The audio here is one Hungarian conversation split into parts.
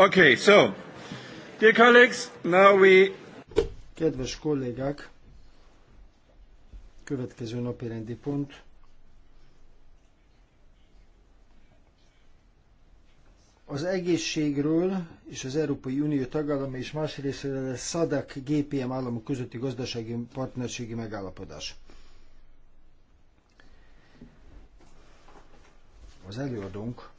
Okay, so, dear colleagues, now we... Kedves kollégák, következő napi rendi pont. Az egészségről és az Európai Unió tagállama és más részéről a SZADAK GPM államok közötti gazdasági partnerségi megállapodás. Az előadónk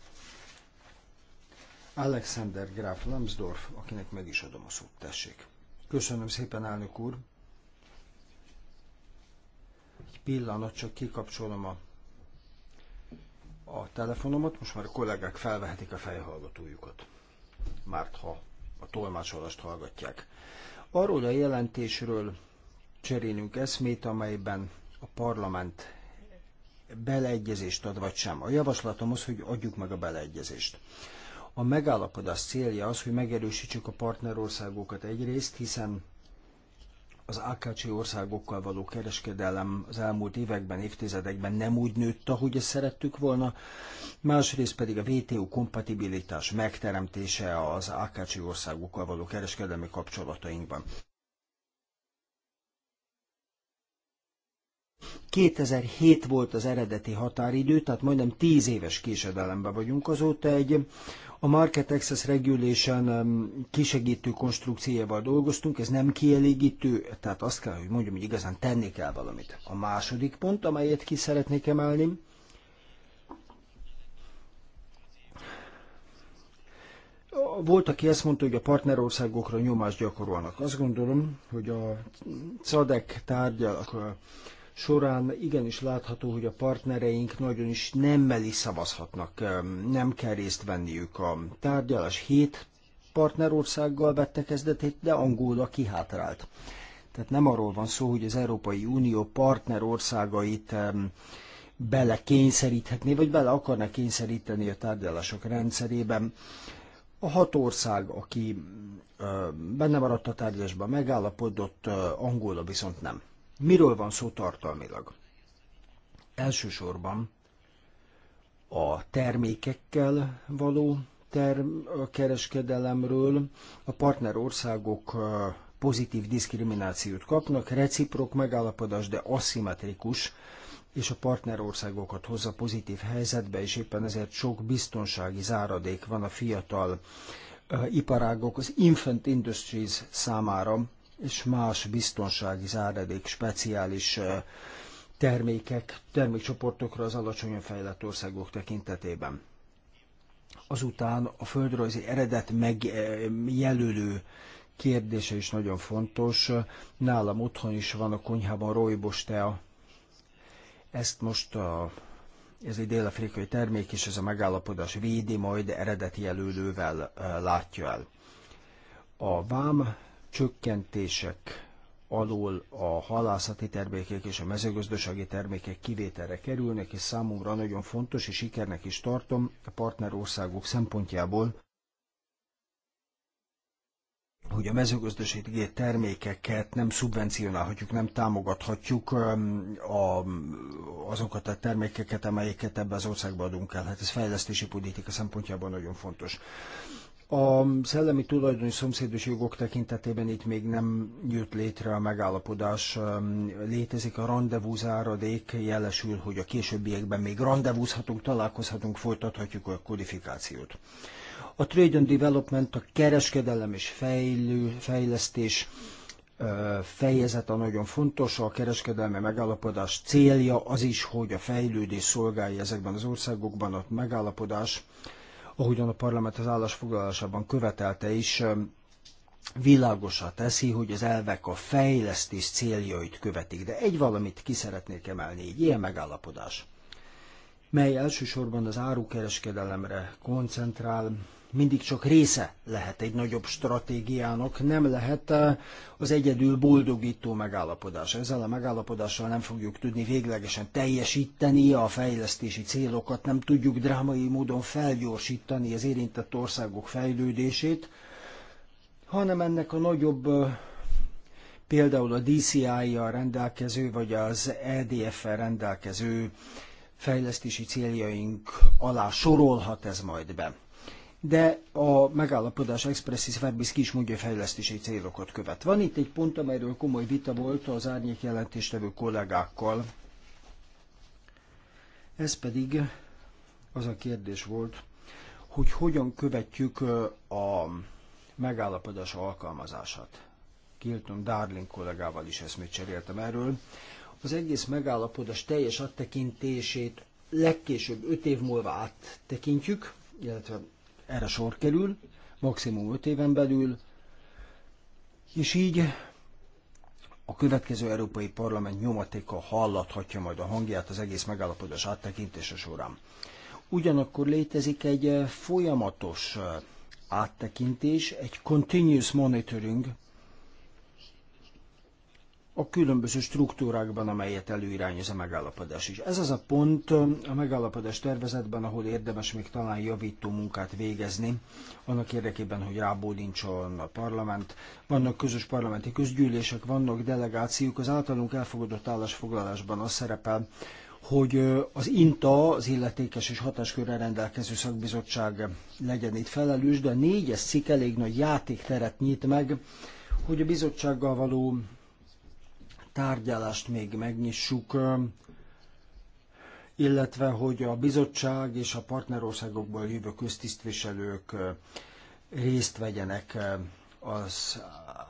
Alexander Graf Lambsdorff, akinek meg is adom a szót, tessék. Köszönöm szépen, elnök úr. Egy pillanat, csak kikapcsolom a, a telefonomat, most már a kollégák felvehetik a fejhallgatójukat. Már ha a tolmácsolást hallgatják. Arról a jelentésről cserélünk eszmét, amelyben a parlament beleegyezést ad vagy sem. A javaslatom az, hogy adjuk meg a beleegyezést. A megállapodás célja az, hogy megerősítsük a partnerországokat egyrészt, hiszen az AKC országokkal való kereskedelem az elmúlt években, évtizedekben nem úgy nőtt, ahogy ezt szerettük volna, másrészt pedig a WTO kompatibilitás megteremtése az AKC országokkal való kereskedelmi kapcsolatainkban. 2007 volt az eredeti határidő, tehát majdnem 10 éves késedelemben vagyunk azóta egy a Market Access Regulation kisegítő konstrukciójával dolgoztunk, ez nem kielégítő, tehát azt kell, hogy mondjam, hogy igazán tenni kell valamit. A második pont, amelyet ki szeretnék emelni, Volt, aki azt mondta, hogy a partnerországokra nyomást gyakorolnak. Azt gondolom, hogy a CADEC tárgyal, során igenis látható, hogy a partnereink nagyon is nemmeli szavazhatnak, nem kell részt venniük a tárgyalás. Hét partnerországgal vette kezdetét, de Angola kihátrált. Tehát nem arról van szó, hogy az Európai Unió partnerországait bele kényszeríthetné, vagy bele akarná kényszeríteni a tárgyalások rendszerében. A hat ország, aki benne maradt a tárgyalásban, megállapodott, Angola viszont nem. Miről van szó tartalmilag? Elsősorban a termékekkel való term a kereskedelemről a partnerországok pozitív diszkriminációt kapnak, reciprok megállapodás, de aszimmetrikus, és a partnerországokat hozza pozitív helyzetbe, és éppen ezért sok biztonsági záradék van a fiatal iparágok, az infant industries számára, és más biztonsági záradék speciális termékek, termékcsoportokra az alacsonyan fejlett országok tekintetében. Azután a földrajzi eredet megjelölő kérdése is nagyon fontos. Nálam otthon is van a konyhában rojbos tea. Ezt most a, ez egy dél-afrikai termék, és ez a megállapodás védi majd eredeti jelölővel látja el. A vám csökkentések alól a halászati termékek és a mezőgazdasági termékek kivételre kerülnek, és számomra nagyon fontos, és sikernek is tartom a partnerországok szempontjából, hogy a mezőgazdasági termékeket nem szubvencionálhatjuk, nem támogathatjuk um, a, azokat a termékeket, amelyeket ebbe az országba adunk el. Hát ez fejlesztési politika szempontjából nagyon fontos. A szellemi tulajdoni szomszédos jogok tekintetében itt még nem jött létre a megállapodás. Létezik a rendezvúzáradék, jelesül, hogy a későbbiekben még rendezvúzhatunk, találkozhatunk, folytathatjuk a kodifikációt. A Trade and Development, a kereskedelem és fejlő, fejlesztés fejezete nagyon fontos, a kereskedelmi megállapodás célja az is, hogy a fejlődés szolgálja ezekben az országokban a megállapodás ahogyan a parlament az állásfoglalásában követelte is, világosra teszi, hogy az elvek a fejlesztés céljait követik. De egy valamit ki szeretnék emelni, egy ilyen megállapodás, mely elsősorban az árukereskedelemre koncentrál, mindig csak része lehet egy nagyobb stratégiának, nem lehet eh, az egyedül boldogító megállapodás. Ezzel a megállapodással nem fogjuk tudni véglegesen teljesíteni a fejlesztési célokat, nem tudjuk drámai módon felgyorsítani az érintett országok fejlődését, hanem ennek a nagyobb eh, például a DCI-jal rendelkező, vagy az EDF-el rendelkező fejlesztési céljaink alá sorolhat ez majd be de a megállapodás expressis verbis ki is mondja, fejlesztési célokat követ. Van itt egy pont, amelyről komoly vita volt az árnyék jelentéstevő kollégákkal. Ez pedig az a kérdés volt, hogy hogyan követjük a megállapodás alkalmazását. Kilton Darling kollégával is eszmét cseréltem erről. Az egész megállapodás teljes áttekintését legkésőbb 5 év múlva áttekintjük, illetve erre sor kerül, maximum 5 éven belül, és így a következő Európai Parlament nyomatéka hallathatja majd a hangját az egész megállapodás áttekintése során. Ugyanakkor létezik egy eh, folyamatos eh, áttekintés, egy continuous monitoring a különböző struktúrákban, amelyet előirányoz a megállapodás is. Ez az a pont a megállapodás tervezetben, ahol érdemes még talán javító munkát végezni, annak érdekében, hogy rábólincson a parlament. Vannak közös parlamenti közgyűlések, vannak delegációk, az általunk elfogadott állásfoglalásban az szerepel, hogy az INTA, az illetékes és hatáskörrel rendelkező szakbizottság legyen itt felelős, de a négyes cikk elég nagy játékteret nyit meg, hogy a bizottsággal való tárgyalást még megnyissuk, illetve hogy a bizottság és a partnerországokból jövő köztisztviselők részt vegyenek az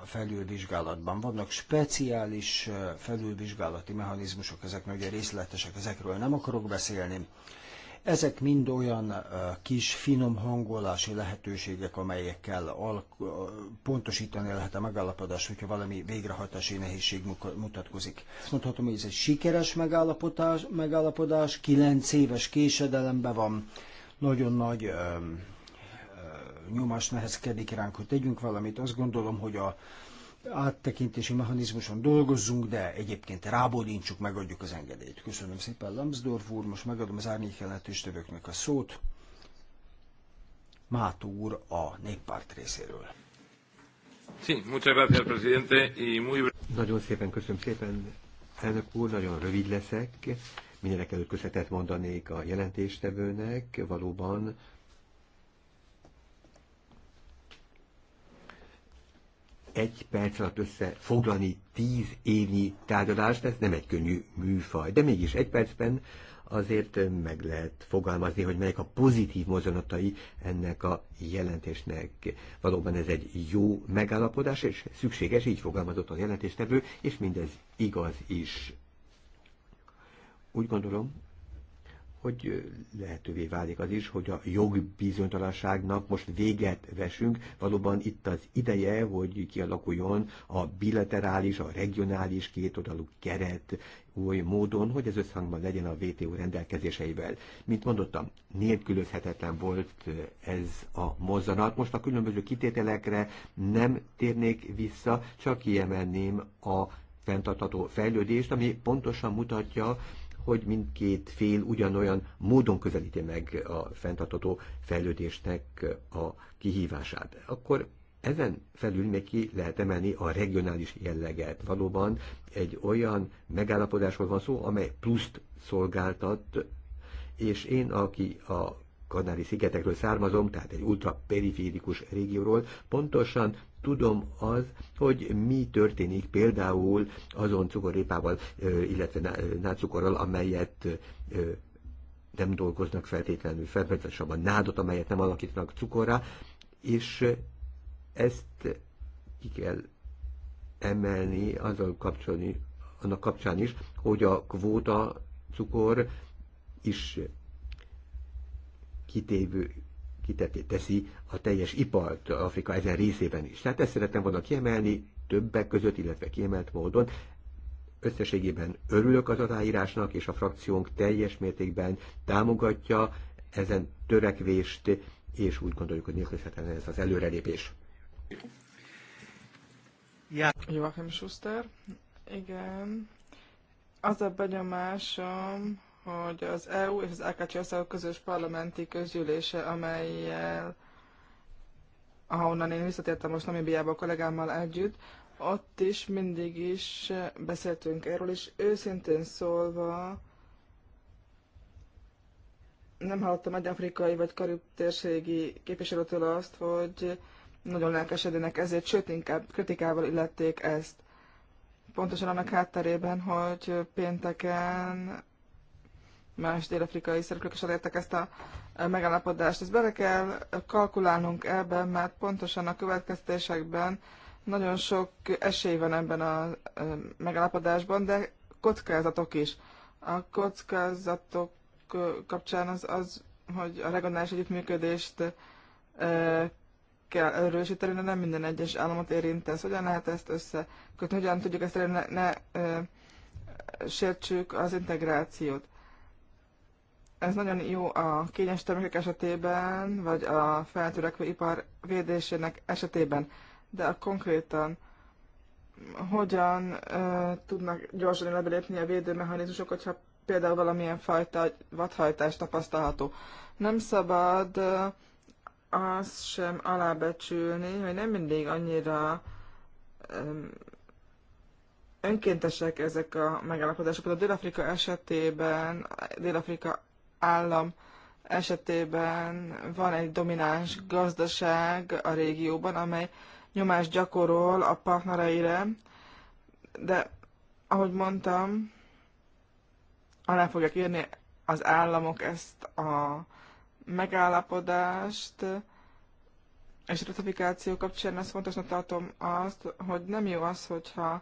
felülvizsgálatban. Vannak speciális felülvizsgálati mechanizmusok, ezek nagyon részletesek, ezekről nem akarok beszélni. Ezek mind olyan kis finom hangolási lehetőségek, amelyekkel pontosítani lehet a megállapodás, hogyha valami végrehajtási nehézség mutatkozik. Azt mondhatom, hogy ez egy sikeres megállapodás, megállapodás éves késedelemben van, nagyon nagy ö, ö, nyomás nehezkedik ránk, hogy tegyünk valamit. Azt gondolom, hogy a áttekintési mechanizmuson dolgozzunk, de egyébként rábódintsuk, megadjuk az engedélyt. Köszönöm szépen, Lambsdorff úr, most megadom az árnyék jelentőstevőknek a szót. Mátó úr a néppárt részéről. Sí, muchas gracias, presidente, y muy... Nagyon szépen köszönöm szépen, elnök úr, nagyon rövid leszek. Mindenek előtt köszönetet mondanék a jelentéstevőnek, valóban egy perc alatt összefoglalni tíz évnyi tárgyalást, ez nem egy könnyű műfaj, de mégis egy percben azért meg lehet fogalmazni, hogy melyek a pozitív mozzanatai ennek a jelentésnek. Valóban ez egy jó megállapodás, és szükséges, így fogalmazott a jelentéstevő, és mindez igaz is. Úgy gondolom, hogy lehetővé válik az is, hogy a jogbizonytalanságnak most véget vesünk. Valóban itt az ideje, hogy kialakuljon a bilaterális, a regionális kétoldalú keret új módon, hogy ez összhangban legyen a WTO rendelkezéseivel. Mint mondottam, nélkülözhetetlen volt ez a mozzanat. Most a különböző kitételekre nem térnék vissza, csak kiemelném a fenntartható fejlődést, ami pontosan mutatja, hogy mindkét fél ugyanolyan módon közelíti meg a fenntartató fejlődésnek a kihívását. Akkor ezen felül még ki lehet emelni a regionális jelleget. Valóban egy olyan megállapodásról van szó, amely pluszt szolgáltat, és én, aki a Kanári szigetekről származom, tehát egy ultraperiférikus régióról, pontosan tudom az, hogy mi történik például azon cukorrépával, illetve nácukorral, amelyet nem dolgoznak feltétlenül fel, a nádot, amelyet nem alakítanak cukorra, és ezt ki kell emelni azzal kapcsolni, annak kapcsán is, hogy a kvóta cukor is kitévő kiteté teszi a teljes ipart Afrika ezen részében is. Tehát ezt szeretem volna kiemelni többek között, illetve kiemelt módon. Összességében örülök az aláírásnak, és a frakciónk teljes mértékben támogatja ezen törekvést, és úgy gondoljuk, hogy nélkülözhetetlen ez az előrelépés. Ja. Joachim Schuster, igen. Az a benyomásom, hogy az EU és az AKC országok közös parlamenti közgyűlése, amelyel ahonnan én visszatértem most Namibiába a kollégámmal együtt, ott is mindig is beszéltünk erről, és őszintén szólva nem hallottam egy afrikai vagy karib térségi képviselőtől azt, hogy nagyon lelkesedőnek ezért, sőt inkább kritikával illették ezt. Pontosan annak hátterében, hogy pénteken más dél-afrikai szereplők is elértek ezt a e, megállapodást. Ezt bele kell kalkulálnunk ebben, mert pontosan a következtésekben nagyon sok esély van ebben a e, megállapodásban, de kockázatok is. A kockázatok e, kapcsán az, az hogy a regionális együttműködést kell erősíteni, de nem minden egyes államot érint ez. Hogyan lehet ezt összekötni, hogyan tudjuk ezt elérni, ne, ne, ne sértsük az integrációt. Ez nagyon jó a kényes termékek esetében, vagy a feltörekvő ipar védésének esetében, de a konkrétan hogyan uh, tudnak gyorsan lebelépni a védőmechanizmusok, hogyha például valamilyen fajta vadhajtás tapasztalható. Nem szabad uh, azt sem alábecsülni, hogy nem mindig annyira önkéntesek ezek a megállapodások. A Dél-Afrika esetében, Dél-Afrika állam esetében van egy domináns gazdaság a régióban, amely nyomást gyakorol a partnereire, de ahogy mondtam, alá fogják írni az államok ezt a megállapodást, és ratifikáció kapcsán ezt fontosnak tartom azt, hogy nem jó az, hogyha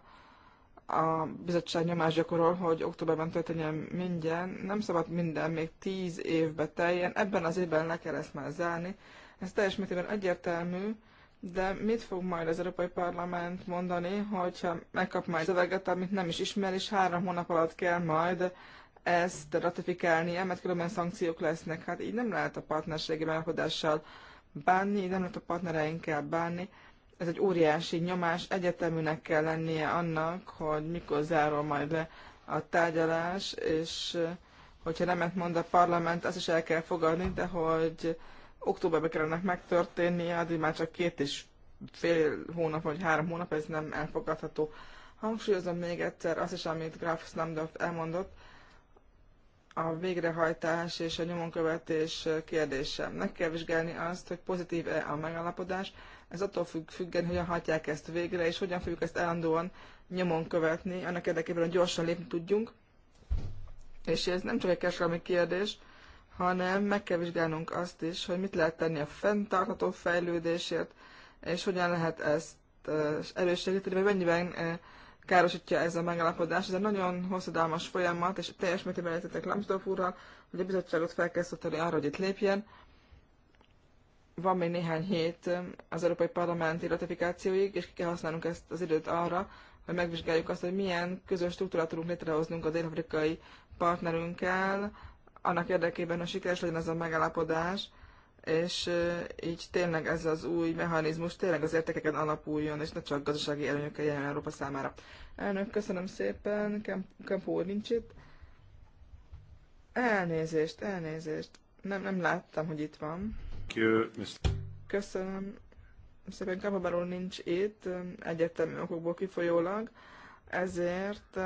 a bizottság nyomás gyakorol, hogy októberben történjen minden, nem szabad minden még tíz évbe teljen, ebben az évben le kell ezt már zárni. Ez teljes mértékben egyértelmű, de mit fog majd az Európai Parlament mondani, hogyha megkap majd szöveget, amit nem is ismer, és három hónap alatt kell majd ezt ratifikálnia, mert különben szankciók lesznek. Hát így nem lehet a partnerségi megállapodással bánni, így nem lehet a partnereinkkel bánni ez egy óriási nyomás, egyeteműnek kell lennie annak, hogy mikor zárul majd le a tárgyalás, és hogyha nemet mond a parlament, azt is el kell fogadni, de hogy októberben kellene megtörténnie, addig már csak két és fél hónap vagy három hónap, ez nem elfogadható. Hangsúlyozom még egyszer azt is, amit Graf Slamdorf elmondott, a végrehajtás és a nyomonkövetés kérdése. Meg kell vizsgálni azt, hogy pozitív-e a megállapodás, ez attól függ, függen, hogyan hajtják ezt végre, és hogyan fogjuk ezt állandóan nyomon követni, annak érdekében, hogy gyorsan lépni tudjunk. És ez nem csak egy kereskedelmi kérdés, hanem meg kell vizsgálnunk azt is, hogy mit lehet tenni a fenntartható fejlődésért, és hogyan lehet ezt elősegíteni, eh, vagy mennyiben eh, károsítja ez a megállapodás. Ez egy nagyon hosszadalmas folyamat, és teljes mértékben értetek Lambsdorff úrral, hogy a bizottságot fel kell szólítani arra, hogy itt lépjen. Van még néhány hét az Európai Parlamenti ratifikációig, és ki kell használnunk ezt az időt arra, hogy megvizsgáljuk azt, hogy milyen közös struktúrát tudunk létrehoznunk a dél-afrikai partnerünkkel, annak érdekében, hogy sikeres legyen ez a megállapodás, és így tényleg ez az új mechanizmus tényleg az értékeken alapuljon, és ne csak gazdasági előnyökkel jelen Európa számára. Elnök, köszönöm szépen, Kempó úr nincs itt. Elnézést, elnézést. Nem, nem láttam, hogy itt van. Köszönöm. Szépen Kempó nincs itt, egyetemi okokból kifolyólag, ezért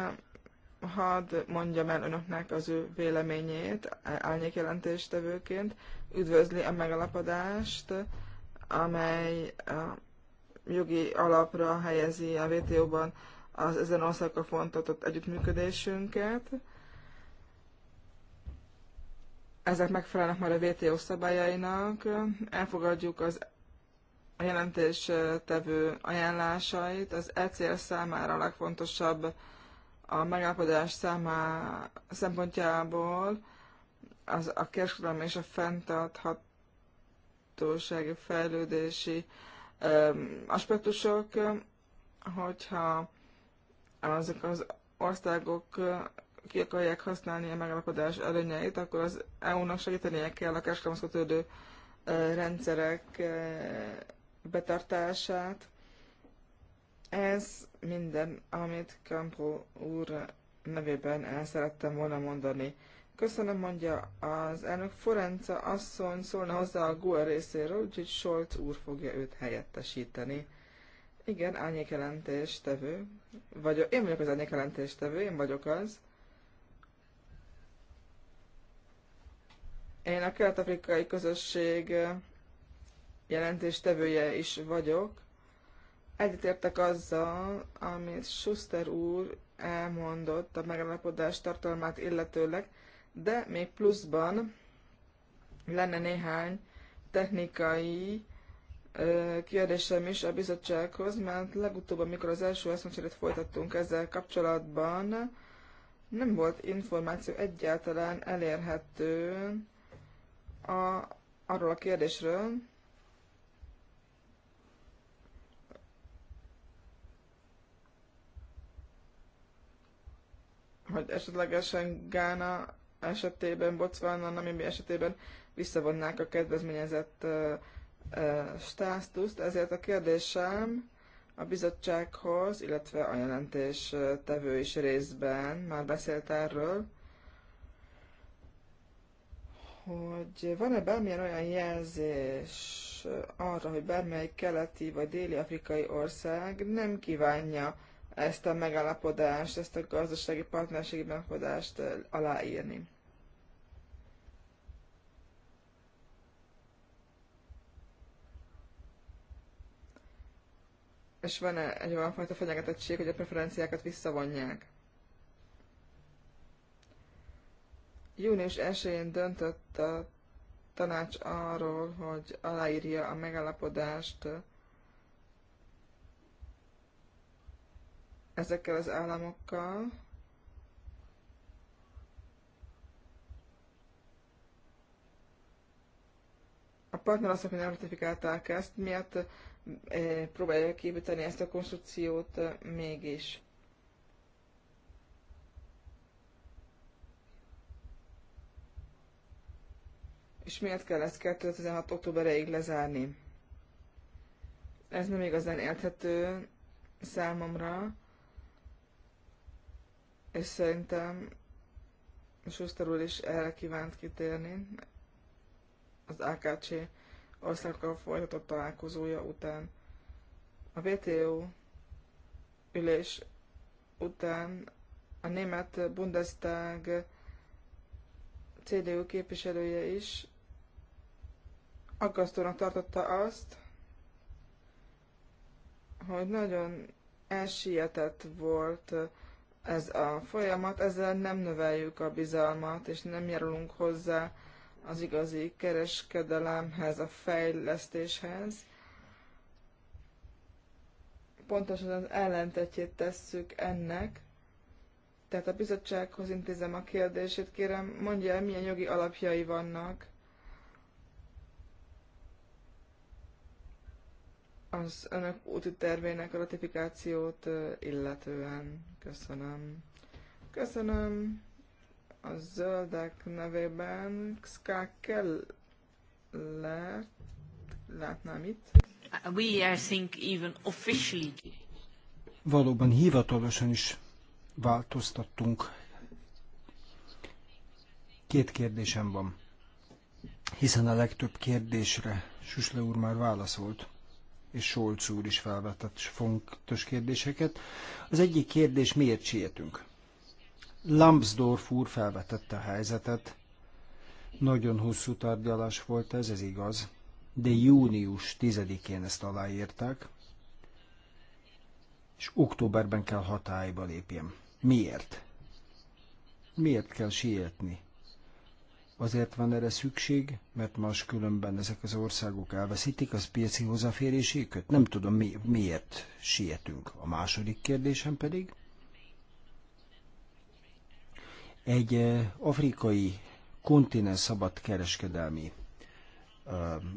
hadd mondjam el önöknek az ő véleményét, álnyék jelentéstevőként, üdvözli a megalapodást, amely a jogi alapra helyezi a WTO-ban az ezen országokkal fontatott együttműködésünket. Ezek megfelelnek már a WTO szabályainak. Elfogadjuk az a jelentéstevő ajánlásait. Az ECL számára a legfontosabb a megállapodás számá, szempontjából az a kereskedelem és a fenntarthatósági fejlődési öm, aspektusok, hogyha azok az országok ki akarják használni a megállapodás előnyeit, akkor az EU-nak segítenie kell a kereskedelmezkötődő rendszerek betartását, ez minden, amit Campo úr nevében el szerettem volna mondani. Köszönöm, mondja az elnök Forenca asszony szólna hozzá a GUE részéről, úgyhogy Solt úr fogja őt helyettesíteni. Igen, tevő Vagyok, én vagyok az árnyékjelentéstevő, én vagyok az. Én a kelet-afrikai közösség jelentéstevője is vagyok egyetértek azzal, amit Schuster úr elmondott a megállapodás tartalmát illetőleg, de még pluszban lenne néhány technikai kérdésem is a bizottsághoz, mert legutóbb, amikor az első eszmecserét folytattunk ezzel kapcsolatban, nem volt információ egyáltalán elérhető a, arról a kérdésről, hogy esetlegesen Gána esetében, Botswana, Namibia esetében visszavonnák a kedvezményezett státuszt, ezért a kérdésem a bizottsághoz, illetve a jelentés tevő is részben már beszélt erről, hogy van-e bármilyen olyan jelzés arra, hogy bármely keleti vagy déli afrikai ország nem kívánja ezt a megállapodást, ezt a gazdasági partnerségi megállapodást aláírni. És van -e egy olyan fajta fenyegetettség, hogy a preferenciákat visszavonják? Június 1-én döntött a tanács arról, hogy aláírja a megállapodást ezekkel az államokkal. A partnerországok nem ratifikálták ezt, miatt eh, próbálja kiépíteni ezt a konstrukciót eh, mégis. És miért kell ezt 2016. októberéig lezárni? Ez nem igazán érthető számomra és szerintem Schuster úr is erre kívánt kitérni az AKC országokkal folytatott találkozója után. A WTO ülés után a német Bundestag CDU képviselője is aggasztónak tartotta azt, hogy nagyon elsietett volt ez a folyamat, ezzel nem növeljük a bizalmat, és nem járulunk hozzá az igazi kereskedelemhez, a fejlesztéshez. Pontosan az ellentetjét tesszük ennek. Tehát a bizottsághoz intézem a kérdését, kérem, mondja el, milyen jogi alapjai vannak az önök úti tervének a ratifikációt illetően. Köszönöm. Köszönöm a zöldek nevében Ska lehet, látnám itt. We, I think, even officially. Valóban hivatalosan is változtattunk. Két kérdésem van, hiszen a legtöbb kérdésre Süsle úr már válaszolt és Solc úr is felvetett fontos kérdéseket. Az egyik kérdés, miért sietünk? Lambsdorff úr felvetette a helyzetet. Nagyon hosszú tárgyalás volt ez, ez igaz. De június 10-én ezt aláírták, és októberben kell hatályba lépjem. Miért? Miért kell sietni? Azért van erre szükség, mert máskülönben ezek az országok elveszítik az piaci hozzáféréséket. Nem tudom, mi, miért sietünk. A második kérdésem pedig, egy eh, afrikai kontinens szabad kereskedelmi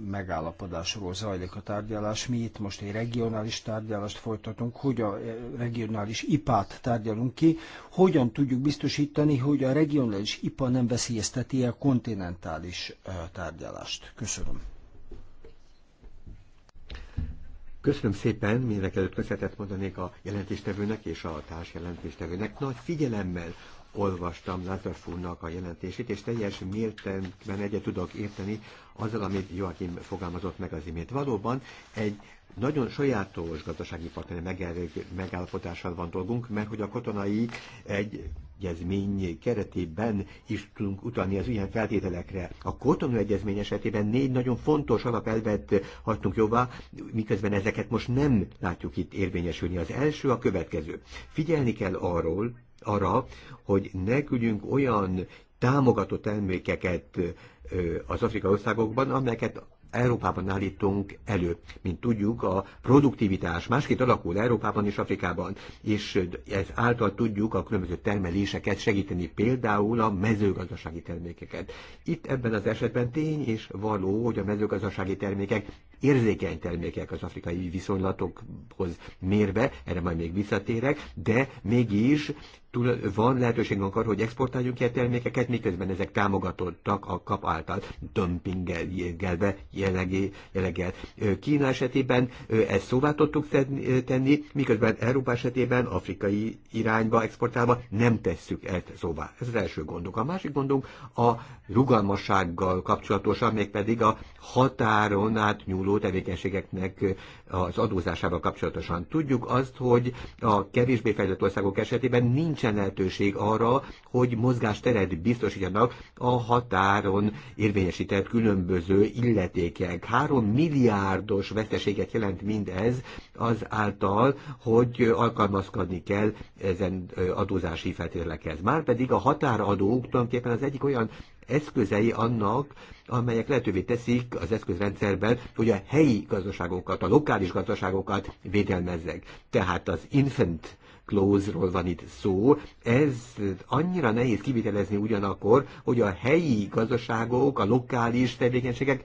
megállapodásról zajlik a tárgyalás. Mi itt most egy regionális tárgyalást folytatunk, hogy a regionális ipát tárgyalunk ki, hogyan tudjuk biztosítani, hogy a regionális ipa nem veszélyezteti a kontinentális tárgyalást. Köszönöm. Köszönöm szépen, mindenek előtt köszönetet mondanék a jelentéstevőnek és a társ jelentéstevőnek. Nagy figyelemmel olvastam Lazarfúrnak a jelentését, és teljes mértékben egyet tudok érteni azzal, amit Joachim fogalmazott meg az imént. Valóban egy nagyon sajátos gazdasági partneri megállapodással van dolgunk, mert hogy a katonai egy egyezmény keretében is tudunk utalni az ilyen feltételekre. A Kotonú egyezmény esetében négy nagyon fontos alapelvet hagytunk jóvá, miközben ezeket most nem látjuk itt érvényesülni. Az első a következő. Figyelni kell arról, arra, hogy ne küldjünk olyan támogatott termékeket az afrikai országokban, amelyeket Európában állítunk elő. Mint tudjuk, a produktivitás másképp alakul Európában és Afrikában, és ez által tudjuk a különböző termeléseket segíteni, például a mezőgazdasági termékeket. Itt ebben az esetben tény és való, hogy a mezőgazdasági termékek érzékeny termékek az afrikai viszonylatokhoz mérve, erre majd még visszatérek, de mégis van lehetőségünk arra, hogy exportáljunk ilyen termékeket, miközben ezek támogatottak a kap által dömpingelve jelleggel. Kína esetében ezt szóvá tudtuk tenni, miközben Európa esetében afrikai irányba exportálva nem tesszük ezt szóvá. Ez az első gondunk. A másik gondunk a rugalmassággal kapcsolatosan, mégpedig a határon átnyúló adó tevékenységeknek az adózásával kapcsolatosan. Tudjuk azt, hogy a kevésbé fejlett országok esetében nincsen lehetőség arra, hogy mozgásteret biztosítsanak a határon érvényesített különböző illetékek. Három milliárdos veszteséget jelent mindez az által, hogy alkalmazkodni kell ezen adózási feltételekhez. Márpedig a határadók tulajdonképpen az egyik olyan eszközei annak, amelyek lehetővé teszik az eszközrendszerben, hogy a helyi gazdaságokat, a lokális gazdaságokat védelmezzek. Tehát az infant close-ról van itt szó. Ez annyira nehéz kivitelezni ugyanakkor, hogy a helyi gazdaságok, a lokális tevékenységek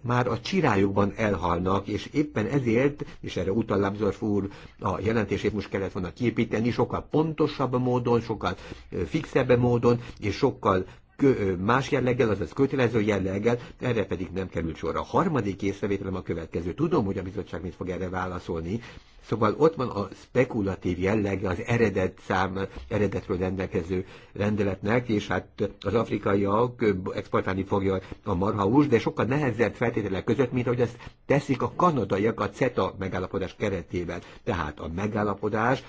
már a csirájukban elhalnak, és éppen ezért, és erre utal Lábzorf úr a jelentését most kellett volna kiépíteni, sokkal pontosabb módon, sokkal fixebb módon, és sokkal más jelleggel, azaz kötelező jelleggel, erre pedig nem került sor. A harmadik észrevételem a következő. Tudom, hogy a bizottság mit fog erre válaszolni, Szóval ott van a spekulatív jelleg az eredet szám, eredetről rendelkező rendeletnek, és hát az afrikaiak exportálni fogja a marhahús, de sokkal nehezebb feltételek között, mint ahogy ezt teszik a kanadaiak a CETA megállapodás keretében. Tehát a megállapodás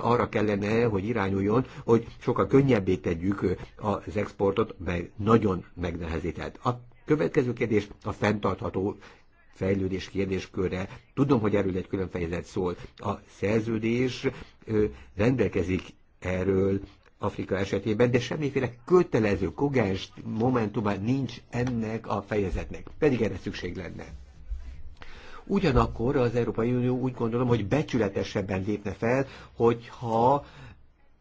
arra kellene, hogy irányuljon, hogy sokkal könnyebbé tegyük az exportot, mert nagyon megnehezített. A következő kérdés a fenntartható fejlődés kérdéskörre. Tudom, hogy erről egy külön fejezet szól. A szerződés rendelkezik erről Afrika esetében, de semmiféle kötelező, kogens momentumá nincs ennek a fejezetnek, pedig erre szükség lenne. Ugyanakkor az Európai Unió úgy gondolom, hogy becsületesebben lépne fel, hogyha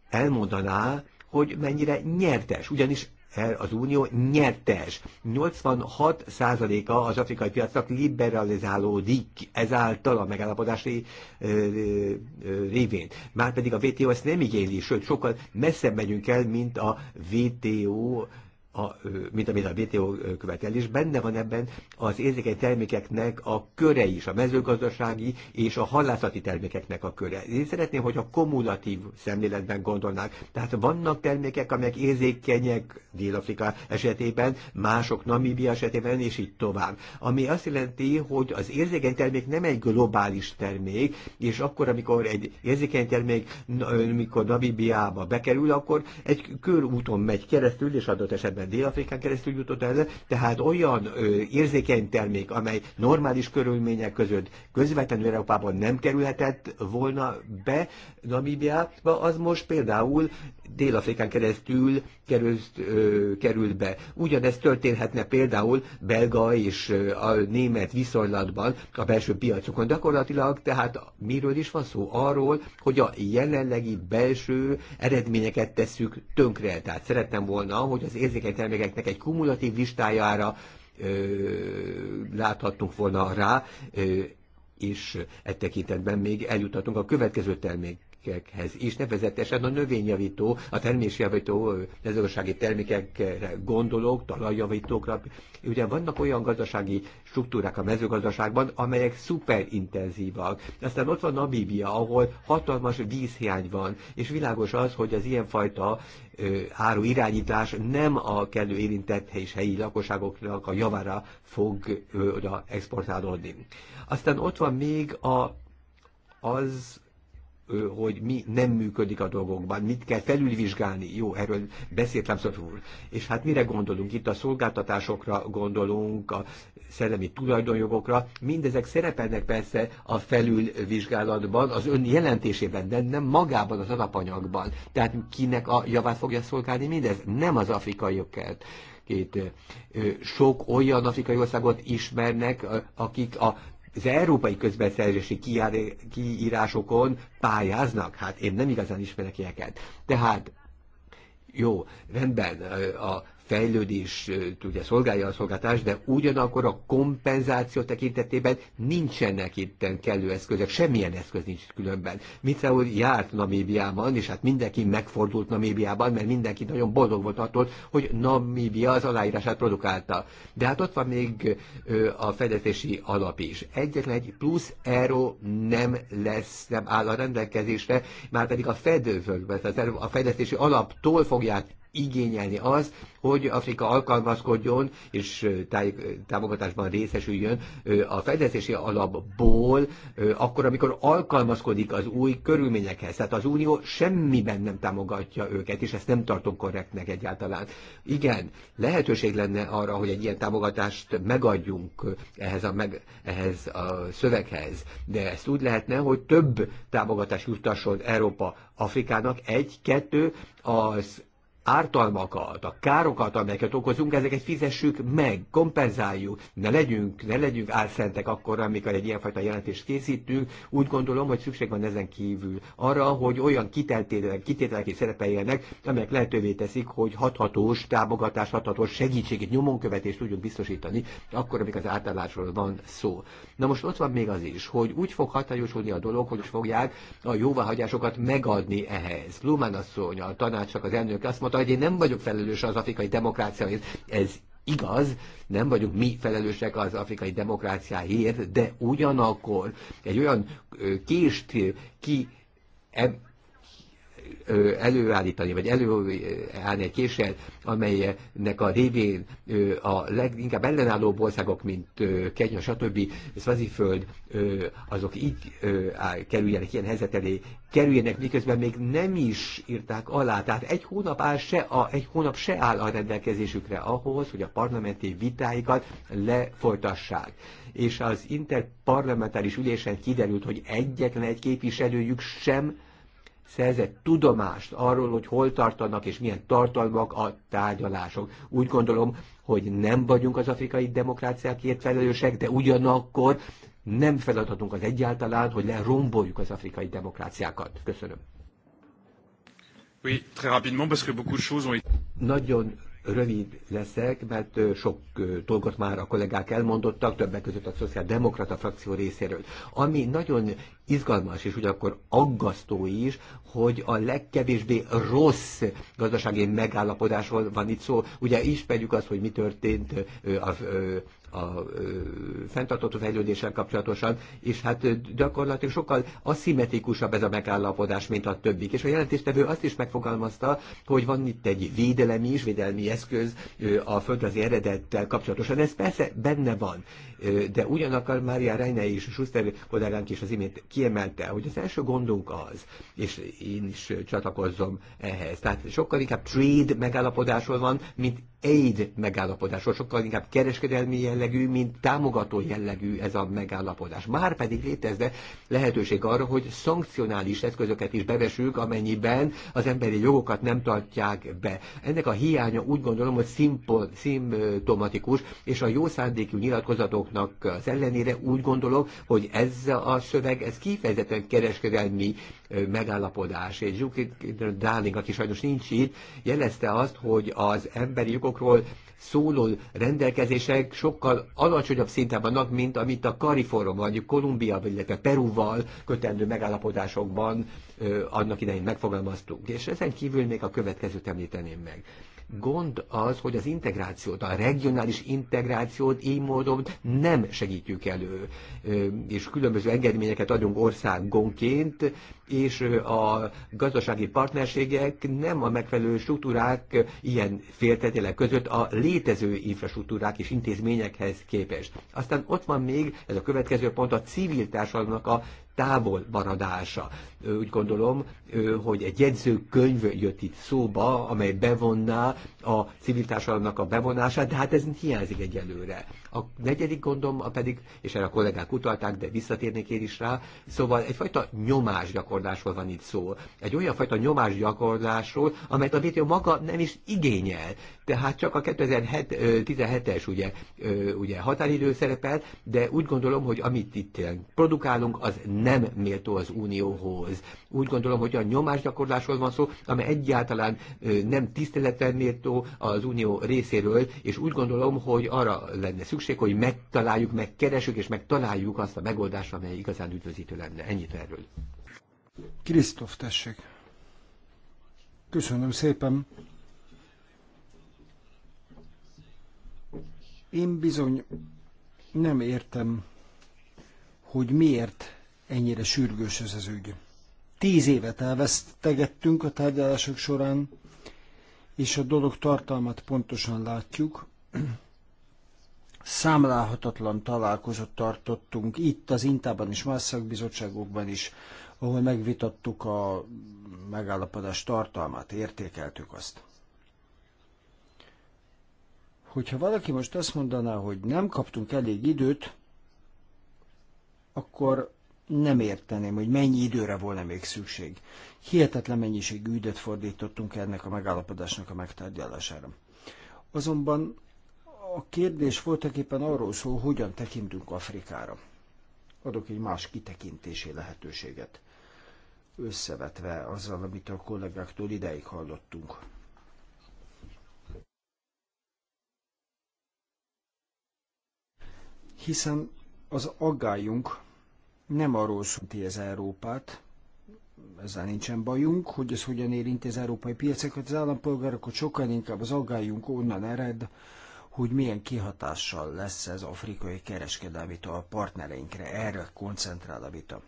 elmondaná, hogy mennyire nyertes, ugyanis el az Unió nyertes. 86%-a az afrikai piacnak liberalizálódik ezáltal a megállapodási révén. Márpedig a WTO ezt nem igényli, sőt, sokkal messzebb megyünk el, mint a WTO a, mint amit a WTO követel, és benne van ebben az érzékeny termékeknek a köre is, a mezőgazdasági és a halászati termékeknek a köre. Én szeretném, hogy a kumulatív szemléletben gondolnák. Tehát vannak termékek, amelyek érzékenyek Dél-Afrika esetében, mások Namíbia esetében, és így tovább. Ami azt jelenti, hogy az érzékeny termék nem egy globális termék, és akkor, amikor egy érzékeny termék, amikor Namíbiába bekerül, akkor egy körúton megy keresztül, és adott esetben Dél-Afrikán keresztül jutott el, tehát olyan érzékeny termék, amely normális körülmények között közvetlenül Európában nem kerülhetett volna be Namíbiába, az most például Dél-Afrikán keresztül került, ö, kerül be. Ugyanezt történhetne például belga és a német viszonylatban a belső piacokon. Gyakorlatilag tehát miről is van szó? Arról, hogy a jelenlegi belső eredményeket tesszük tönkre. Tehát szeretném volna, hogy az érzékeny ezeknek a termékeknek egy kumulatív listájára láthattunk volna rá, és e tekintetben még eljutatunk a következő termék termékekhez is, nevezetesen a növényjavító, a termésjavító mezőgazdasági termékekre gondolók, talajjavítókra. Ugye vannak olyan gazdasági struktúrák a mezőgazdaságban, amelyek szuperintenzívak. Aztán ott van Namíbia, ahol hatalmas vízhiány van, és világos az, hogy az ilyenfajta áru irányítás nem a kellő érintett és helyi lakosságoknak a javára fog oda exportálódni. Aztán ott van még a, az hogy mi nem működik a dolgokban, mit kell felülvizsgálni. Jó, erről beszélt szóval. És hát mire gondolunk? Itt a szolgáltatásokra gondolunk, a szellemi tulajdonjogokra. Mindezek szerepelnek persze a felülvizsgálatban, az ön jelentésében, de nem magában az alapanyagban. Tehát kinek a javát fogja szolgálni mindez? Nem az afrikaiakat két sok olyan afrikai országot ismernek, akik a az európai közbeszerzési kiírásokon pályáznak. Hát én nem igazán ismerek ilyeneket. Tehát jó, rendben, a fejlődés ugye szolgálja a szolgáltást, de ugyanakkor a kompenzáció tekintetében nincsenek itten kellő eszközök, semmilyen eszköz nincs különben. Miceul járt Namíbiában, és hát mindenki megfordult Namíbiában, mert mindenki nagyon boldog volt attól, hogy Namíbia az aláírását produkálta. De hát ott van még a fedezési alap is. Egyetlen egy plusz euró nem lesz, nem áll a rendelkezésre, már pedig a fedőföldbe, tehát a fedezési alaptól fogják igényelni az, hogy Afrika alkalmazkodjon és támogatásban részesüljön a fejlesztési alapból, akkor, amikor alkalmazkodik az új körülményekhez. Tehát az Unió semmiben nem támogatja őket, és ezt nem tartom korrektnek egyáltalán. Igen, lehetőség lenne arra, hogy egy ilyen támogatást megadjunk ehhez a, meg, ehhez a szöveghez, de ezt úgy lehetne, hogy több támogatást juttasson Európa Afrikának, egy, kettő, az ártalmakat, a károkat, amelyeket okozunk, ezeket fizessük meg, kompenzáljuk, ne legyünk, ne legyünk álszentek akkor, amikor egy ilyenfajta jelentést készítünk. Úgy gondolom, hogy szükség van ezen kívül arra, hogy olyan kiteltételek, kitételek is szerepeljenek, amelyek lehetővé teszik, hogy hathatós támogatás, hathatós segítséget, nyomonkövetést tudjunk biztosítani, akkor, amikor az átállásról van szó. Na most ott van még az is, hogy úgy fog hatályosulni a dolog, hogy fogják a jóváhagyásokat megadni ehhez. Lumán asszony, a tanácsnak az elnök azt mondta, mondta, hogy én nem vagyok felelős az afrikai demokráciáért. Ez igaz, nem vagyunk mi felelősek az afrikai demokráciáért, de ugyanakkor egy olyan kést ki e- előállítani, vagy előállni egy késsel, amelynek a révén a leginkább ellenálló országok, mint Kenya, stb. Szvaziföld, azok így kerüljenek ilyen helyzet elé, kerüljenek, miközben még nem is írták alá. Tehát egy hónap, áll se a, egy hónap se áll a rendelkezésükre ahhoz, hogy a parlamenti vitáikat lefolytassák és az interparlamentáris ülésen kiderült, hogy egyetlen egy képviselőjük sem szerzett tudomást arról, hogy hol tartanak és milyen tartalmak a tárgyalások. Úgy gondolom, hogy nem vagyunk az afrikai demokráciákért felelősek, de ugyanakkor nem feladatunk az egyáltalán, hogy leromboljuk az afrikai demokráciákat. Köszönöm. Oui, très rapidement, parce que beaucoup de choses ont Nagyon rövid leszek, mert sok dolgot már a kollégák elmondottak, többek között a Szociáldemokrata frakció részéről. Ami nagyon izgalmas és ugyanakkor aggasztó is, hogy a legkevésbé rossz gazdasági megállapodásról van itt szó. Ugye ismerjük azt, hogy mi történt a a fenntartott fejlődéssel kapcsolatosan, és hát gyakorlatilag sokkal aszimmetikusabb ez a megállapodás, mint a többik. És a jelentéstevő azt is megfogalmazta, hogy van itt egy védelemi is, védelmi eszköz ö, a földrajzi eredettel kapcsolatosan. Ez persze benne van, de ugyanakkor Mária Reine és Schuster kollégánk is az imént kiemelte, hogy az első gondunk az, és én is csatlakozom ehhez. Tehát sokkal inkább trade megállapodásról van, mint aid megállapodás, sokkal inkább kereskedelmi jellegű, mint támogató jellegű ez a megállapodás. Már pedig létezne lehetőség arra, hogy szankcionális eszközöket is bevesünk, amennyiben az emberi jogokat nem tartják be. Ennek a hiánya úgy gondolom, hogy szimpol, szimptomatikus, és a jó szándékú nyilatkozatoknak az ellenére úgy gondolom, hogy ez a szöveg, ez kifejezetten kereskedelmi megállapodás. És Judith dáling, aki sajnos nincs itt, jelezte azt, hogy az emberi jogokról szóló rendelkezések sokkal alacsonyabb szinten vannak, mint amit a Kariforum, mondjuk Kolumbia, illetve Peruval kötendő megállapodásokban ö, annak idején megfogalmaztunk. És ezen kívül még a következőt említeném meg. Gond az, hogy az integrációt, a regionális integrációt így módon nem segítjük elő, és különböző engedményeket adunk országonként, és a gazdasági partnerségek nem a megfelelő struktúrák ilyen féltetélek között a létező infrastruktúrák és intézményekhez képest. Aztán ott van még ez a következő pont a civil társadalomnak a távol maradása. Úgy gondolom, hogy egy jegyzőkönyv jött itt szóba, amely bevonná a civil társadalomnak a bevonását, de hát ez hiányzik egyelőre. A negyedik gondom a pedig, és erre a kollégák utalták, de visszatérnék én is rá, szóval egyfajta nyomásgyakorlásról van itt szó. Egy olyan fajta nyomásgyakorlásról, amelyet a WTO maga nem is igényel. Tehát csak a 2017-es ugye, ugye határidő szerepel, de úgy gondolom, hogy amit itt produkálunk, az nem nem méltó az unióhoz. Úgy gondolom, hogy a nyomásgyakorlásról van szó, amely egyáltalán nem tiszteleten méltó az unió részéről, és úgy gondolom, hogy arra lenne szükség, hogy megtaláljuk, megkeressük és megtaláljuk azt a megoldást, amely igazán üdvözítő lenne. Ennyit erről. Krisztof, tessék. Köszönöm szépen. Én bizony nem értem, hogy miért ennyire sürgős ez az ügy. Tíz évet elvesztegettünk a tárgyalások során, és a dolog tartalmat pontosan látjuk. Számlálhatatlan találkozót tartottunk itt, az Intában és más szakbizottságokban is, ahol megvitattuk a megállapodás tartalmát, értékeltük azt. Hogyha valaki most azt mondaná, hogy nem kaptunk elég időt, akkor nem érteném, hogy mennyi időre volna még szükség. Hihetetlen mennyiségű időt fordítottunk ennek a megállapodásnak a megtárgyalására. Azonban a kérdés voltak éppen arról szól, hogyan tekintünk Afrikára. Adok egy más kitekintési lehetőséget, összevetve azzal, amit a kollégáktól ideig hallottunk. Hiszen az aggályunk nem arról szólti ez Európát, ezzel nincsen bajunk, hogy ez hogyan érinti az európai piacokat, az állampolgárokat sokkal inkább az aggályunk onnan ered, hogy milyen kihatással lesz ez afrikai kereskedelmi a partnereinkre. Erre koncentrál a vita.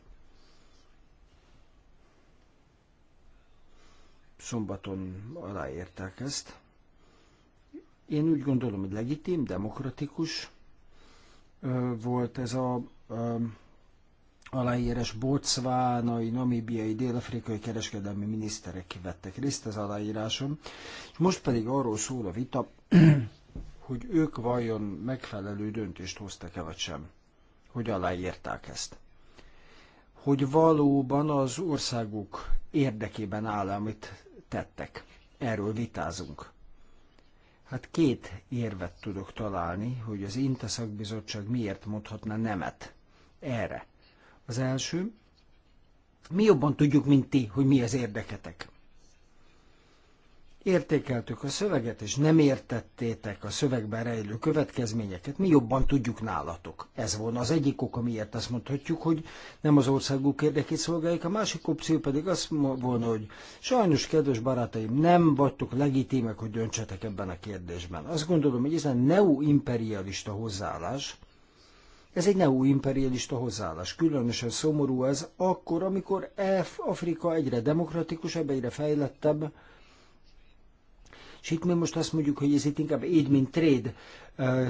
Szombaton aláértek ezt. Én úgy gondolom, hogy legitim, demokratikus volt ez a aláírás bocvánai, namibiai, dél-afrikai kereskedelmi miniszterek kivettek részt az aláíráson, és most pedig arról szól a vita, hogy ők vajon megfelelő döntést hoztak-e vagy sem, hogy aláírták ezt. Hogy valóban az országuk érdekében áll, amit tettek. Erről vitázunk. Hát két érvet tudok találni, hogy az INTA szakbizottság miért mondhatna nemet erre az első, mi jobban tudjuk, mint ti, hogy mi az érdeketek. Értékeltük a szöveget, és nem értettétek a szövegben rejlő következményeket, mi jobban tudjuk nálatok. Ez volna az egyik ok, miért azt mondhatjuk, hogy nem az országuk érdekét szolgáljuk, a másik opció pedig az volna, hogy sajnos, kedves barátaim, nem vagytok legitímek, hogy döntsetek ebben a kérdésben. Azt gondolom, hogy ez a neoimperialista hozzáállás, ez egy neoimperialista hozzáállás. Különösen szomorú ez akkor, amikor F Afrika egyre demokratikusabb, egyre fejlettebb, és itt mi most azt mondjuk, hogy ez itt inkább aid, mint trade,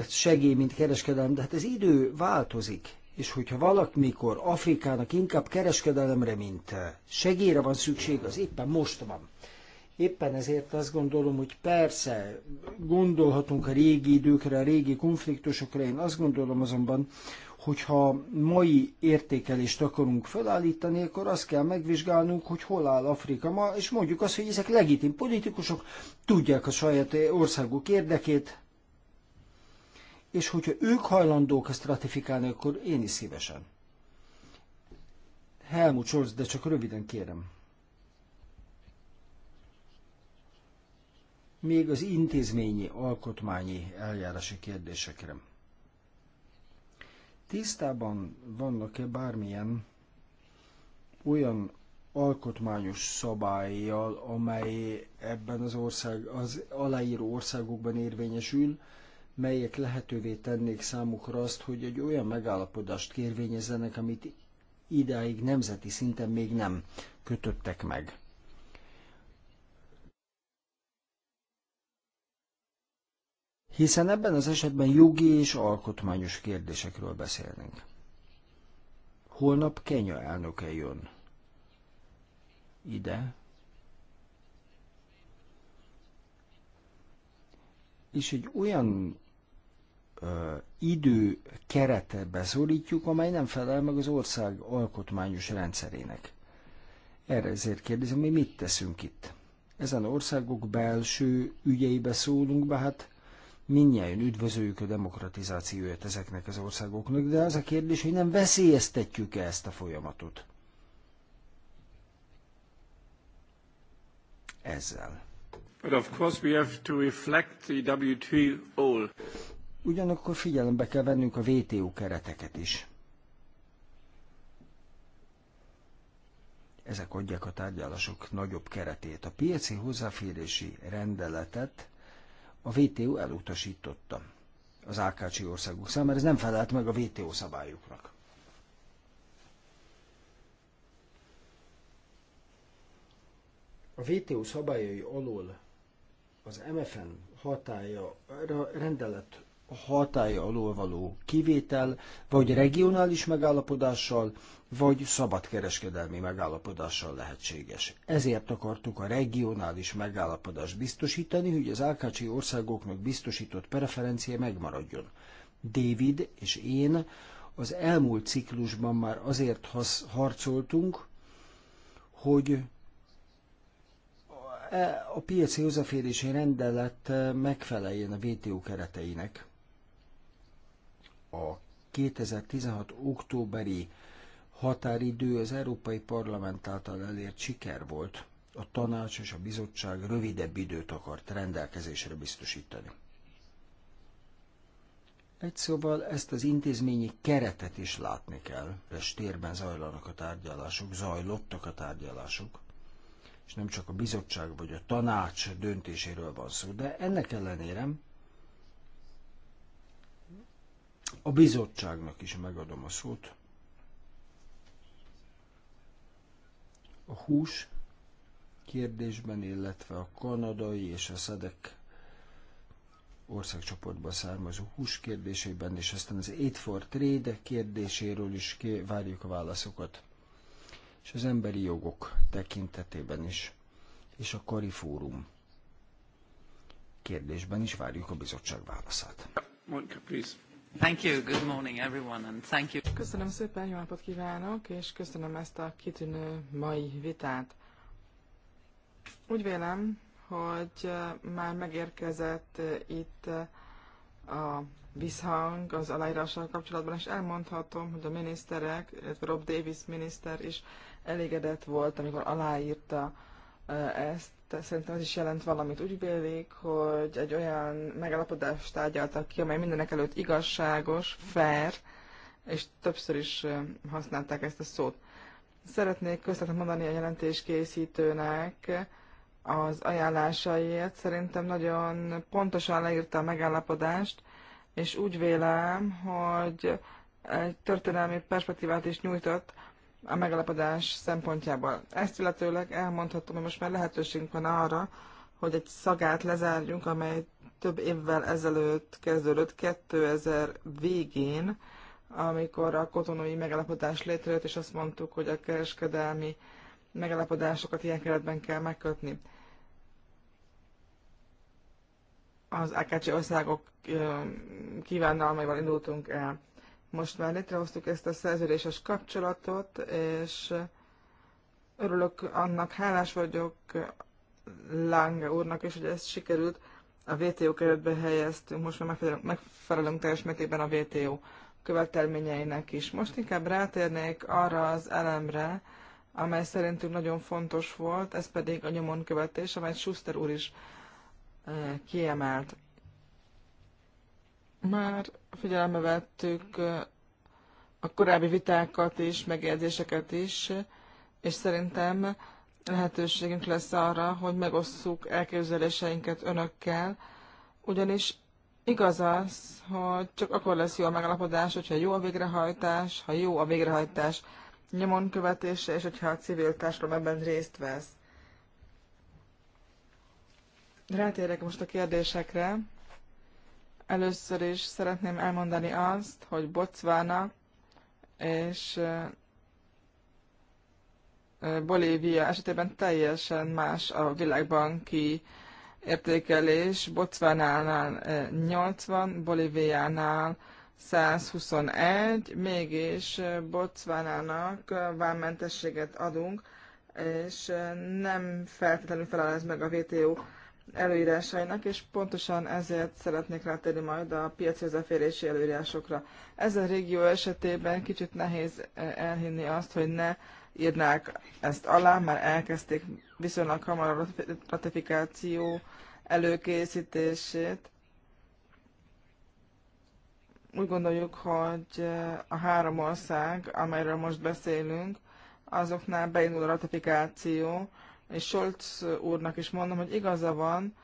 segély, mint kereskedelem, de hát ez idő változik. És hogyha valamikor Afrikának inkább kereskedelemre, mint segélyre van szükség, az éppen most van. Éppen ezért azt gondolom, hogy persze gondolhatunk a régi időkre, a régi konfliktusokra, én azt gondolom azonban, hogyha mai értékelést akarunk felállítani, akkor azt kell megvizsgálnunk, hogy hol áll Afrika ma, és mondjuk azt, hogy ezek legitim politikusok, tudják a saját országuk érdekét, és hogyha ők hajlandók ezt ratifikálni, akkor én is szívesen. Helmut Scholz, de csak röviden kérem. még az intézményi, alkotmányi eljárási kérdésekre. Tisztában vannak-e bármilyen olyan alkotmányos szabályjal, amely ebben az ország, az aláíró országokban érvényesül, melyek lehetővé tennék számukra azt, hogy egy olyan megállapodást kérvényezzenek, amit idáig nemzeti szinten még nem kötöttek meg. hiszen ebben az esetben jogi és alkotmányos kérdésekről beszélnénk. Holnap Kenya elnöke jön ide, és egy olyan ö, idő kerete beszorítjuk, amely nem felel meg az ország alkotmányos rendszerének. Erre ezért kérdezem, mi mit teszünk itt? Ezen országok belső ügyeibe szólunk be, hát Mindjárt üdvözöljük a demokratizációját ezeknek az országoknak, de az a kérdés, hogy nem veszélyeztetjük-e ezt a folyamatot. Ezzel. But of course we have to reflect the WTO. Ugyanakkor figyelembe kell vennünk a WTO kereteket is. Ezek adják a tárgyalások nagyobb keretét. A piaci hozzáférési rendeletet a VTO elutasította az Ákácsi országok számára, ez nem felelt meg a VTO szabályoknak. A VTO szabályai alól az MFN hatája rendelet hatája alól való kivétel, vagy regionális megállapodással, vagy szabadkereskedelmi megállapodással lehetséges. Ezért akartuk a regionális megállapodást biztosítani, hogy az Ákácsi országoknak biztosított preferencia megmaradjon. David és én az elmúlt ciklusban már azért hasz, harcoltunk, hogy a e, piaci hozzáférési rendelet megfeleljen a WTO kereteinek a 2016. októberi határidő az Európai Parlament által elért siker volt. A tanács és a bizottság rövidebb időt akart rendelkezésre biztosítani. Egy szóval ezt az intézményi keretet is látni kell, és térben zajlanak a tárgyalások, zajlottak a tárgyalások, és nem csak a bizottság vagy a tanács döntéséről van szó, de ennek ellenére a bizottságnak is megadom a szót. A hús kérdésben, illetve a kanadai és a szedek országcsoportban származó hús kérdésében, és aztán az Aid for Trade kérdéséről is várjuk a válaszokat, és az emberi jogok tekintetében is, és a Kari Fórum kérdésben is várjuk a bizottság válaszát. Monica, please. Thank you. Good morning, everyone, and thank you. Köszönöm szépen, jó napot kívánok, és köszönöm ezt a kitűnő mai vitát. Úgy vélem, hogy már megérkezett itt a visszhang az aláírással kapcsolatban, és elmondhatom, hogy a miniszterek, illetve Rob Davis miniszter is elégedett volt, amikor aláírta ezt Hát, szerintem az is jelent valamit. Úgy vélik, hogy egy olyan megállapodást tárgyaltak ki, amely mindenek előtt igazságos, fair, és többször is használták ezt a szót. Szeretnék köszönetet mondani a jelentés készítőnek az ajánlásaiért. Szerintem nagyon pontosan leírta a megállapodást, és úgy vélem, hogy egy történelmi perspektívát is nyújtott a megalapodás szempontjából. Ezt illetőleg elmondhatom, hogy most már lehetőségünk van arra, hogy egy szagát lezárjunk, amely több évvel ezelőtt kezdődött, 2000 végén, amikor a kotonói megállapodás létrejött, és azt mondtuk, hogy a kereskedelmi megállapodásokat ilyen keretben kell megkötni. Az AKC országok kívánalmaival indultunk el. Most már létrehoztuk ezt a szerződéses kapcsolatot, és örülök annak, hálás vagyok Lange úrnak is, hogy ezt sikerült a WTO keretbe helyeztünk, most már megfelelünk, megfelelünk teljes mértékben a WTO követelményeinek is. Most inkább rátérnék arra az elemre, amely szerintünk nagyon fontos volt, ez pedig a nyomon követés, amelyet Schuster úr is eh, kiemelt. Már figyelembe vettük a korábbi vitákat is, megjegyzéseket is, és szerintem lehetőségünk lesz arra, hogy megosszuk elképzeléseinket önökkel, ugyanis igaz az, hogy csak akkor lesz jó a megalapodás, hogyha jó a végrehajtás, ha jó a végrehajtás nyomon követése, és hogyha a civil társadalom ebben részt vesz. Rátérek most a kérdésekre. Először is szeretném elmondani azt, hogy Botswana és Bolívia esetében teljesen más a világbanki értékelés. Botswanánál 80, Bolíviánál 121, mégis Botswanának vámmentességet adunk, és nem feltétlenül felel ez meg a WTO előírásainak, és pontosan ezért szeretnék rátérni majd a piaci hozzáférési előírásokra. Ez a régió esetében kicsit nehéz eh, elhinni azt, hogy ne írnák ezt alá, már elkezdték viszonylag hamar a ratifikáció előkészítését. Úgy gondoljuk, hogy eh, a három ország, amelyről most beszélünk, azoknál beindul a ratifikáció, és Scholz úrnak is mondom, hogy igaza van,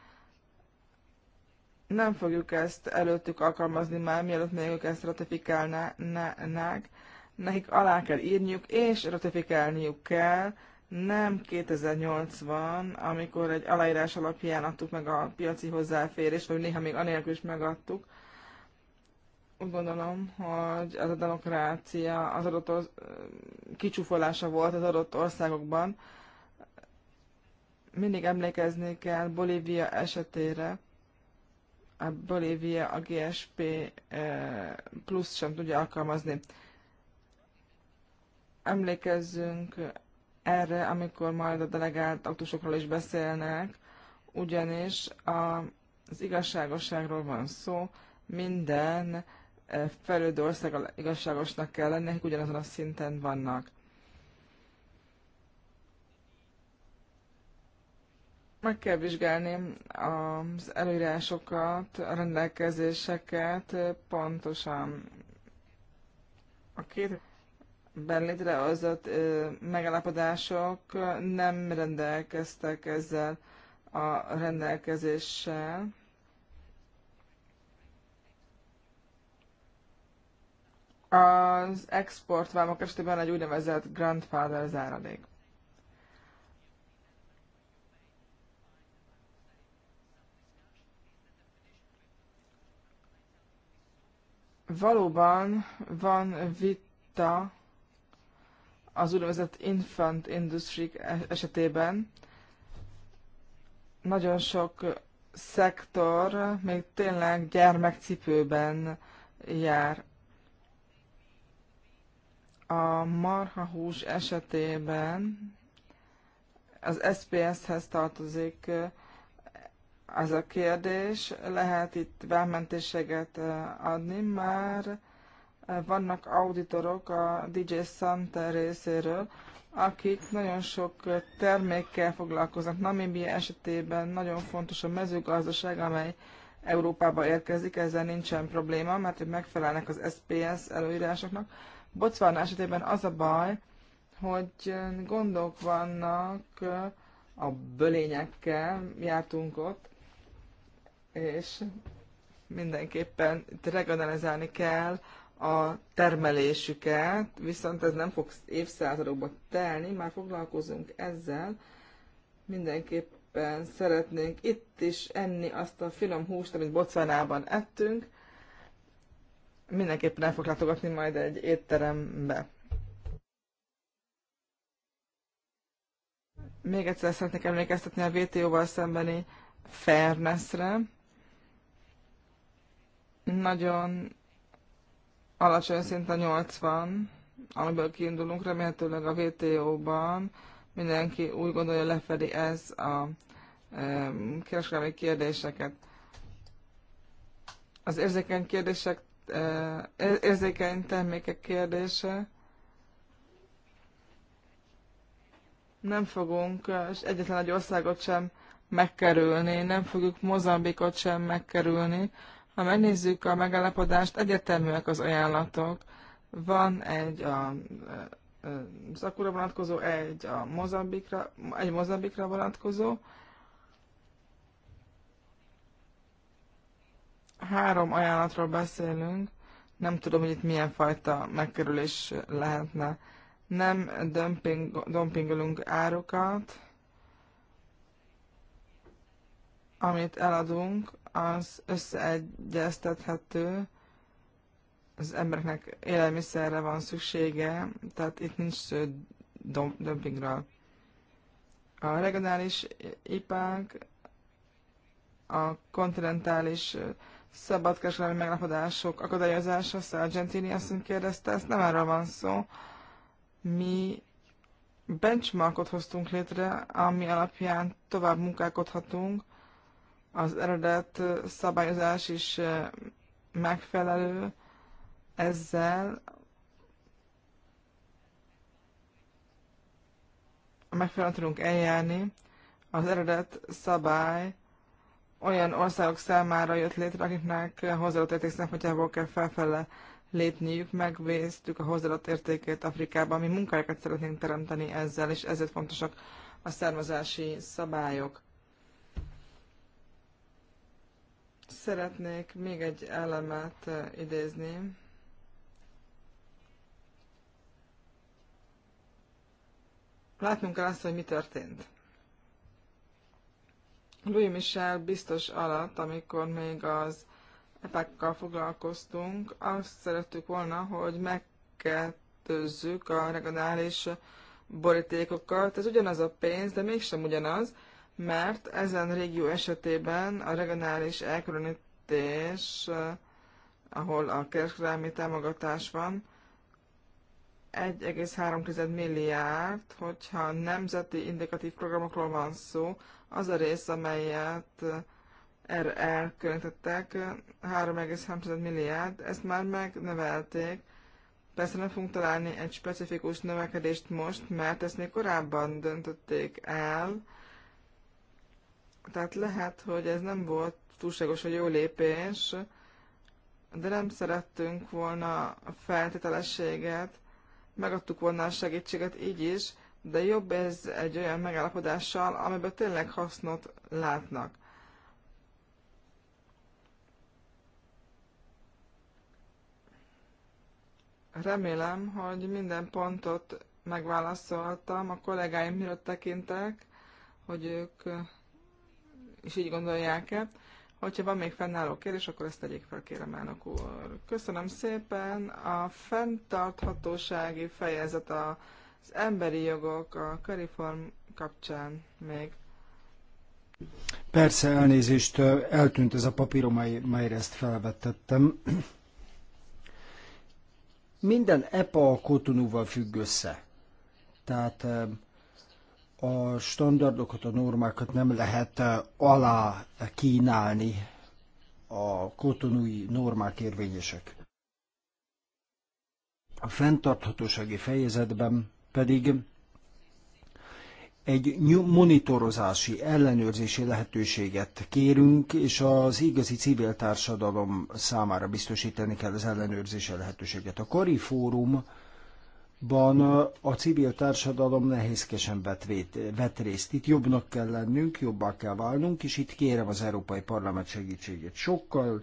nem fogjuk ezt előttük alkalmazni már, mielőtt még ők ezt ratifikálnák. Nekik alá kell írniuk, és ratifikálniuk kell, nem 2080, amikor egy aláírás alapján adtuk meg a piaci hozzáférést, vagy néha még anélkül is megadtuk. Úgy gondolom, hogy az a demokrácia az adott kicsúfolása volt az adott országokban, mindig emlékezni kell Bolívia esetére. A Bolívia a GSP eh, plusz sem tudja alkalmazni. Emlékezzünk erre, amikor majd a delegált autósokról is beszélnek, ugyanis a, az igazságosságról van szó, minden eh, felődő országgal igazságosnak kell lenni, ugyanazon a szinten vannak. Meg kell vizsgálni az előírásokat, a rendelkezéseket pontosan. A két ben létrehozott megállapodások nem rendelkeztek ezzel a rendelkezéssel. Az exportvámok esetében egy úgynevezett grandfather záradék. valóban van vita az úgynevezett infant industry esetében. Nagyon sok szektor még tényleg gyermekcipőben jár. A marhahús esetében az SPS-hez tartozik az a kérdés. Lehet itt vámmentésséget adni, már vannak auditorok a DJ Santa részéről, akik nagyon sok termékkel foglalkoznak. Namibia esetében nagyon fontos a mezőgazdaság, amely Európába érkezik, ezzel nincsen probléma, mert hogy megfelelnek az SPS előírásoknak. Botswana esetében az a baj, hogy gondok vannak a bölényekkel, jártunk ott, és mindenképpen regionalizálni kell a termelésüket, viszont ez nem fog évszázadokba telni, már foglalkozunk ezzel, mindenképpen szeretnénk itt is enni azt a finom húst, amit Bocvanában ettünk, mindenképpen el fog látogatni majd egy étterembe. Még egyszer szeretnék emlékeztetni a vto val szembeni fairnessre, nagyon alacsony szint a 80, amiből kiindulunk, remélhetőleg a WTO-ban mindenki úgy gondolja lefedi ez a e, kereskedelmi kérdéseket. Az érzékeny kérdések, e, érzékeny termékek kérdése, nem fogunk és egyetlen egy országot sem megkerülni, nem fogjuk Mozambikot sem megkerülni, ha megnézzük a megállapodást, egyeteműek az ajánlatok. Van egy a az e, e, akura vonatkozó, egy a Mozambikra, egy Mozambikra vonatkozó, három ajánlatról beszélünk, nem tudom, hogy itt milyen fajta megkerülés lehetne. Nem dömping, dömpingölünk árukat, amit eladunk, az összeegyeztethető, az embereknek élelmiszerre van szüksége, tehát itt nincs dömpingra. A regionális ipák, a kontinentális szabadkereskedelmi megállapodások akadályozása, Gentini azt kérdezte, ezt nem erről van szó. Mi benchmarkot hoztunk létre, ami alapján tovább munkálkodhatunk az eredet szabályozás is megfelelő, ezzel megfelelően tudunk eljárni. Az eredet szabály olyan országok számára jött létre, akiknek hozzáadott érték szempontjából kell felfele lépniük, megvéztük a hozzáadott értékét Afrikában, mi munkájukat szeretnénk teremteni ezzel, és ezért fontosak a származási szabályok. Szeretnék még egy elemet eh, idézni. Látnunk kell azt, hogy mi történt. Louis Michel biztos alatt, amikor még az epákkal foglalkoztunk, azt szerettük volna, hogy megkettőzzük a regionális borítékokat. Ez ugyanaz a pénz, de mégsem ugyanaz, mert ezen régió esetében a regionális elkülönítés, eh, ahol a kereskedelmi támogatás van, 1,3 milliárd, hogyha nemzeti indikatív programokról van szó, az a rész, amelyet eh, erre elkülönítettek, 3,3 milliárd, ezt már megnövelték. Persze nem fogunk találni egy specifikus növekedést most, mert ezt még korábban döntötték el, tehát lehet, hogy ez nem volt vagy jó lépés, de nem szerettünk volna feltételességet, megadtuk volna a segítséget így is, de jobb ez egy olyan megállapodással, amiben tényleg hasznot látnak. Remélem, hogy minden pontot megválaszoltam, a kollégáim miről tekintek, hogy ők is így gondolják-e. Hogyha van még fennálló kérdés, akkor ezt tegyék fel, kérem elnök úr. Köszönöm szépen. A fenntarthatósági fejezet az emberi jogok a köriform kapcsán még. Persze, elnézést, eltűnt ez a papírom, melyre ezt felvettettem. Minden EPA a kotonúval függ össze. Tehát a standardokat, a normákat nem lehet eh, alá kínálni a kotonúi normák érvényesek. A fenntarthatósági fejezetben pedig egy monitorozási, ellenőrzési lehetőséget kérünk, és az igazi civil társadalom számára biztosítani kell az ellenőrzési lehetőséget. A Kari Fórum ban a civil társadalom nehézkesen vett, vett részt. Itt jobbnak kell lennünk, jobbá kell válnunk, és itt kérem az Európai Parlament segítségét. Sokkal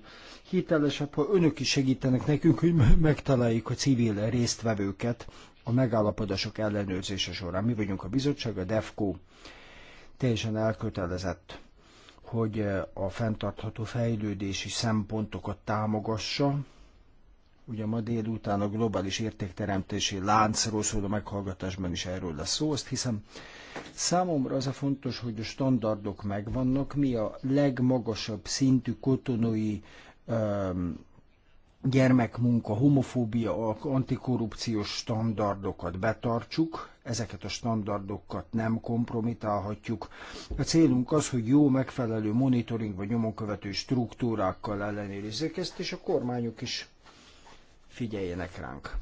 hitelesebb, ha önök is segítenek nekünk, hogy megtaláljuk a civil résztvevőket a megállapodások ellenőrzése során. Mi vagyunk a bizottság, a DEFCO teljesen elkötelezett hogy a fenntartható fejlődési szempontokat támogassa, Ugye ma délután a globális értékteremtési láncról szóló meghallgatásban is erről lesz szó, azt hiszem. Számomra az a fontos, hogy a standardok megvannak, mi a legmagasabb szintű kotonói um, gyermekmunka, homofóbia, antikorrupciós standardokat betartsuk, ezeket a standardokat nem kompromitálhatjuk. A célunk az, hogy jó, megfelelő monitoring vagy nyomonkövető struktúrákkal ellenőrizzék ezt, és a kormányok is figyeljenek ránk.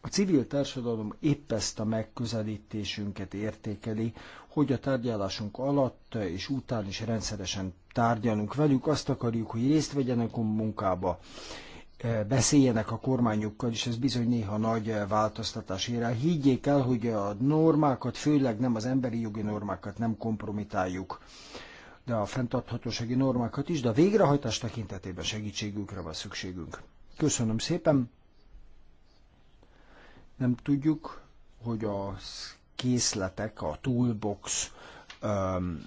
A civil társadalom épp ezt a megközelítésünket értékeli, hogy a tárgyalásunk alatt és után is rendszeresen tárgyalunk velük, azt akarjuk, hogy részt vegyenek a munkába, beszéljenek a kormányukkal, és ez bizony néha nagy változtatás ér el. Higgyék el, hogy a normákat, főleg nem az emberi jogi normákat nem kompromitáljuk de a fenntarthatósági normákat is, de a végrehajtás tekintetében segítségükre van szükségünk. Köszönöm szépen. Nem tudjuk, hogy a készletek, a toolbox um,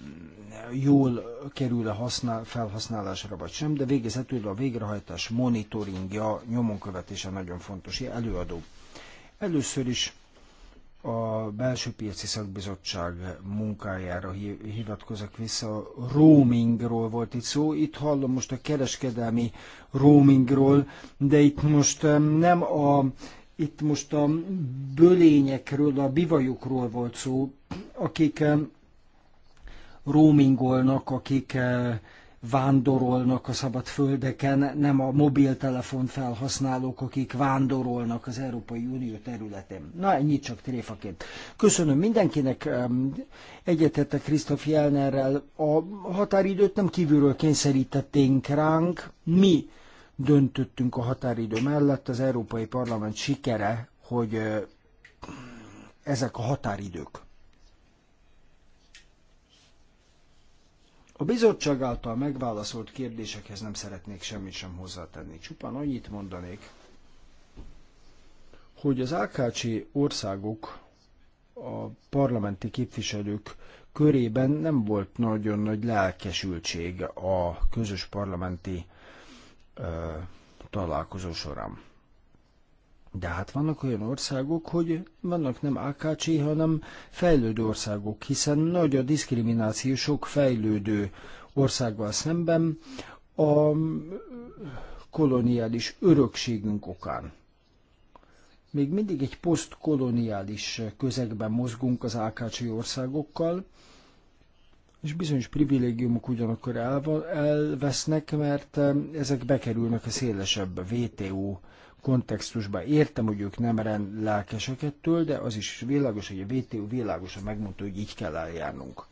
jól kerül-e használ, felhasználásra vagy sem, de végezetül a végrehajtás monitoringja, nyomonkövetése nagyon fontos előadó. Először is a belső piaci szakbizottság munkájára hivatkozok vissza. Roamingról volt itt szó, itt hallom most a kereskedelmi roamingról, de itt most nem a itt most a bölényekről, a bivajokról volt szó, akik roamingolnak, akik eh, vándorolnak a szabad földeken, nem a mobiltelefon felhasználók, akik vándorolnak az Európai Unió területén. Na, ennyit csak tréfaként. Köszönöm mindenkinek, egyetettek Krisztof Jelnerrel. A határidőt nem kívülről kényszerítették ránk, mi döntöttünk a határidő mellett, az Európai Parlament sikere, hogy ezek a határidők A bizottság által megválaszolt kérdésekhez nem szeretnék semmit sem hozzátenni. Csupán annyit mondanék, hogy az AKC országok, a parlamenti képviselők körében nem volt nagyon nagy lelkesültség a közös parlamenti ö, találkozó során. De hát vannak olyan országok, hogy vannak nem AKC, hanem fejlődő országok, hiszen nagy a diszkrimináció sok fejlődő országgal szemben a koloniális örökségünk okán. Még mindig egy posztkoloniális közegben mozgunk az AKC országokkal, és bizonyos privilégiumok ugyanakkor elvesznek, mert eh, ezek bekerülnek a szélesebb WTO kontextusba. Értem, hogy ők nem rend lelkesek ettől, de az is világos, hogy a VTU világosan megmondta, hogy így kell eljárnunk.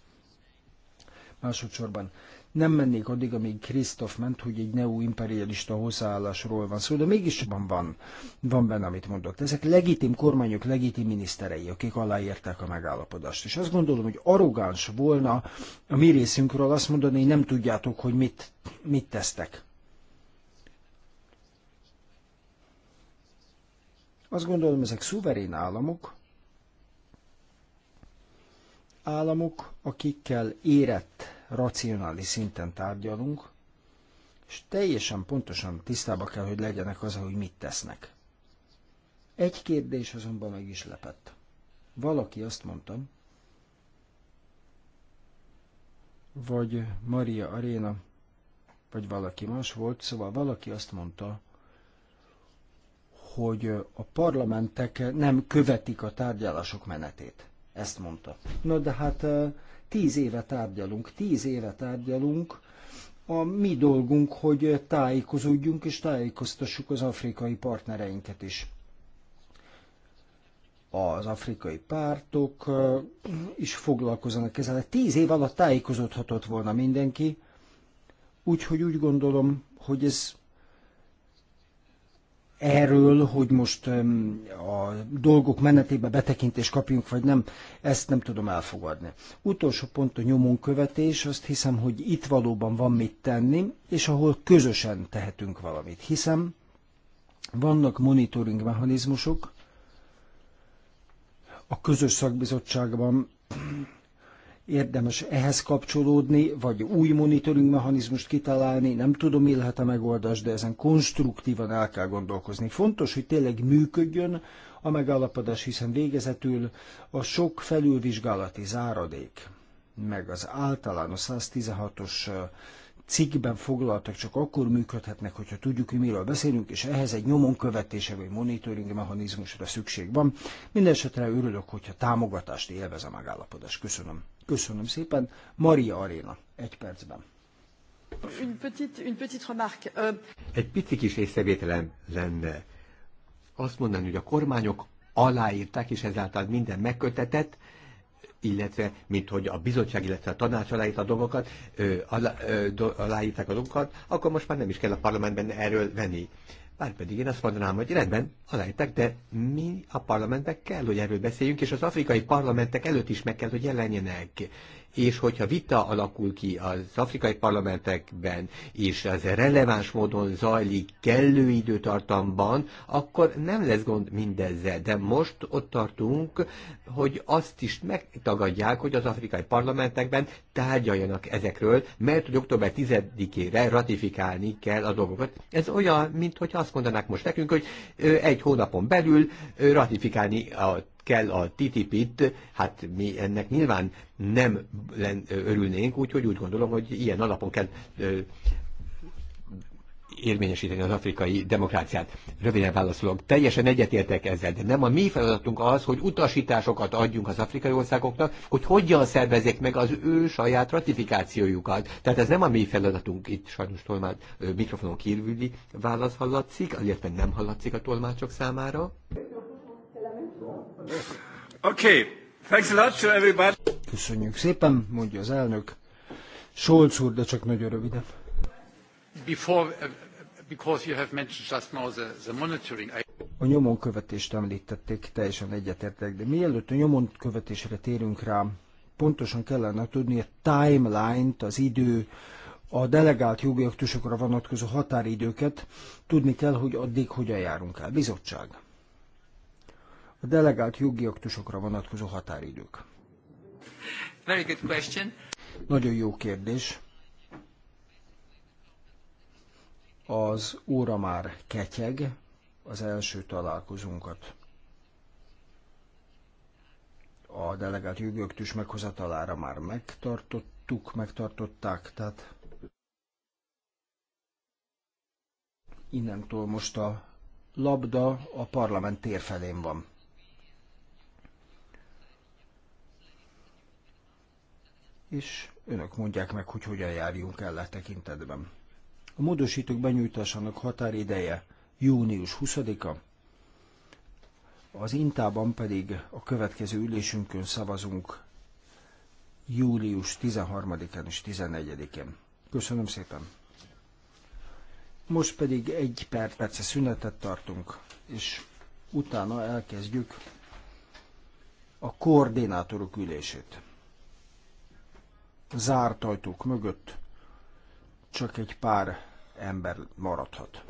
Másodszorban nem mennék addig, amíg Krisztof ment, hogy egy neoimperialista hozzáállásról van szó, de mégis van, van, van benne, amit mondott. Ezek legitim kormányok, legitim miniszterei, akik aláírták a megállapodást. És azt gondolom, hogy arrogáns volna a mi részünkről azt mondani, hogy nem tudjátok, hogy mit, mit tesztek. Azt gondolom, ezek szuverén államok, államok, akikkel érett, racionális szinten tárgyalunk, és teljesen pontosan tisztába kell, hogy legyenek az, hogy mit tesznek. Egy kérdés azonban meg is lepett. Valaki azt mondta, vagy Maria Arena, vagy valaki más volt, szóval valaki azt mondta, hogy a parlamentek nem követik a tárgyalások menetét. Ezt mondta. Na de hát tíz éve tárgyalunk, tíz éve tárgyalunk, a mi dolgunk, hogy tájékozódjunk és tájékoztassuk az afrikai partnereinket is. Az afrikai pártok is foglalkozanak ezzel. Hát tíz év alatt tájékozódhatott volna mindenki, úgyhogy úgy gondolom, hogy ez erről, hogy most a dolgok menetébe betekintést kapjunk, vagy nem, ezt nem tudom elfogadni. Utolsó pont a nyomon követés, azt hiszem, hogy itt valóban van mit tenni, és ahol közösen tehetünk valamit. Hiszem, vannak monitoring mechanizmusok, a közös szakbizottságban érdemes ehhez kapcsolódni, vagy új monitoring mechanizmust kitalálni, nem tudom, mi lehet a megoldás, de ezen konstruktívan el kell gondolkozni. Fontos, hogy tényleg működjön a megállapodás, hiszen végezetül a sok felülvizsgálati záradék, meg az általános 116-os cikkben foglaltak csak akkor működhetnek, hogyha tudjuk, hogy miről beszélünk, és ehhez egy nyomon követése vagy monitoring mechanizmusra szükség van. Mindenesetre örülök, hogyha támogatást élvez a megállapodás. Köszönöm. Köszönöm szépen. Maria Aréna, egy percben. Une petite, une petite remarque. Euh, egy pici kis észrevételem lenne. Azt mondani, hogy a kormányok aláírták, és ezáltal minden megkötetett, illetve, mint hogy a bizottság, illetve a tanács aláírta a dolgokat, ö, alá, aláírták a dolgokat, akkor most már nem is kell a parlamentben erről venni. Márpedig én azt mondanám, hogy rendben, aláírták, de mi a parlamentben kell, hogy erről beszéljünk, és az afrikai parlamentek előtt is meg kell, hogy jelenjenek és hogyha vita alakul ki az afrikai parlamentekben, és ez releváns módon zajlik kellő időtartamban, akkor nem lesz gond mindezzel. De most ott tartunk, hogy azt is megtagadják, hogy az afrikai parlamentekben tárgyaljanak ezekről, mert hogy október 10-ére ratifikálni kell a dolgokat. Ez olyan, mint hogy azt mondanák most nekünk, hogy egy hónapon belül ratifikálni a kell a TTIP-it, hát mi ennek nyilván nem örülnénk, úgyhogy úgy gondolom, hogy ilyen alapon kell érvényesíteni az afrikai demokráciát. Röviden válaszolok. Teljesen egyetértek ezzel, de nem a mi feladatunk az, hogy utasításokat adjunk az afrikai országoknak, hogy hogyan szervezzék meg az ő saját ratifikációjukat. Tehát ez nem a mi feladatunk. Itt sajnos tolmács mikrofonon kívüli válasz hallatszik, illetve nem hallatszik a tolmácsok számára. Okay. Thanks a lot to everybody. Köszönjük szépen, mondja az elnök. Scholz úr, de csak nagyon röviden. Before, uh, because you have mentioned just now the, the monitoring. A nyomon követést említették, teljesen egyetértek, de mielőtt a nyomon követésre térünk rá, pontosan kellene tudni a timeline-t, az idő, a delegált jogi aktusokra vonatkozó határidőket, tudni kell, hogy addig hogyan járunk el. Bizottság a delegált jogi aktusokra vonatkozó határidők? Very good question. Nagyon jó kérdés. Az óra már ketyeg, az első találkozunkat a delegált jogi aktus meghozatalára már megtartottuk, megtartották, tehát innentől most a labda a parlament tér felén van. és önök mondják meg, hogy hogyan járjunk el a e tekintetben. A módosítók benyújtásának határideje június 20-a, az Intában pedig a következő ülésünkön szavazunk július 13-án és 14-én. Köszönöm szépen! Most pedig egy per perce szünetet tartunk, és utána elkezdjük a koordinátorok ülését zárt ajtók mögött csak egy pár ember maradhat.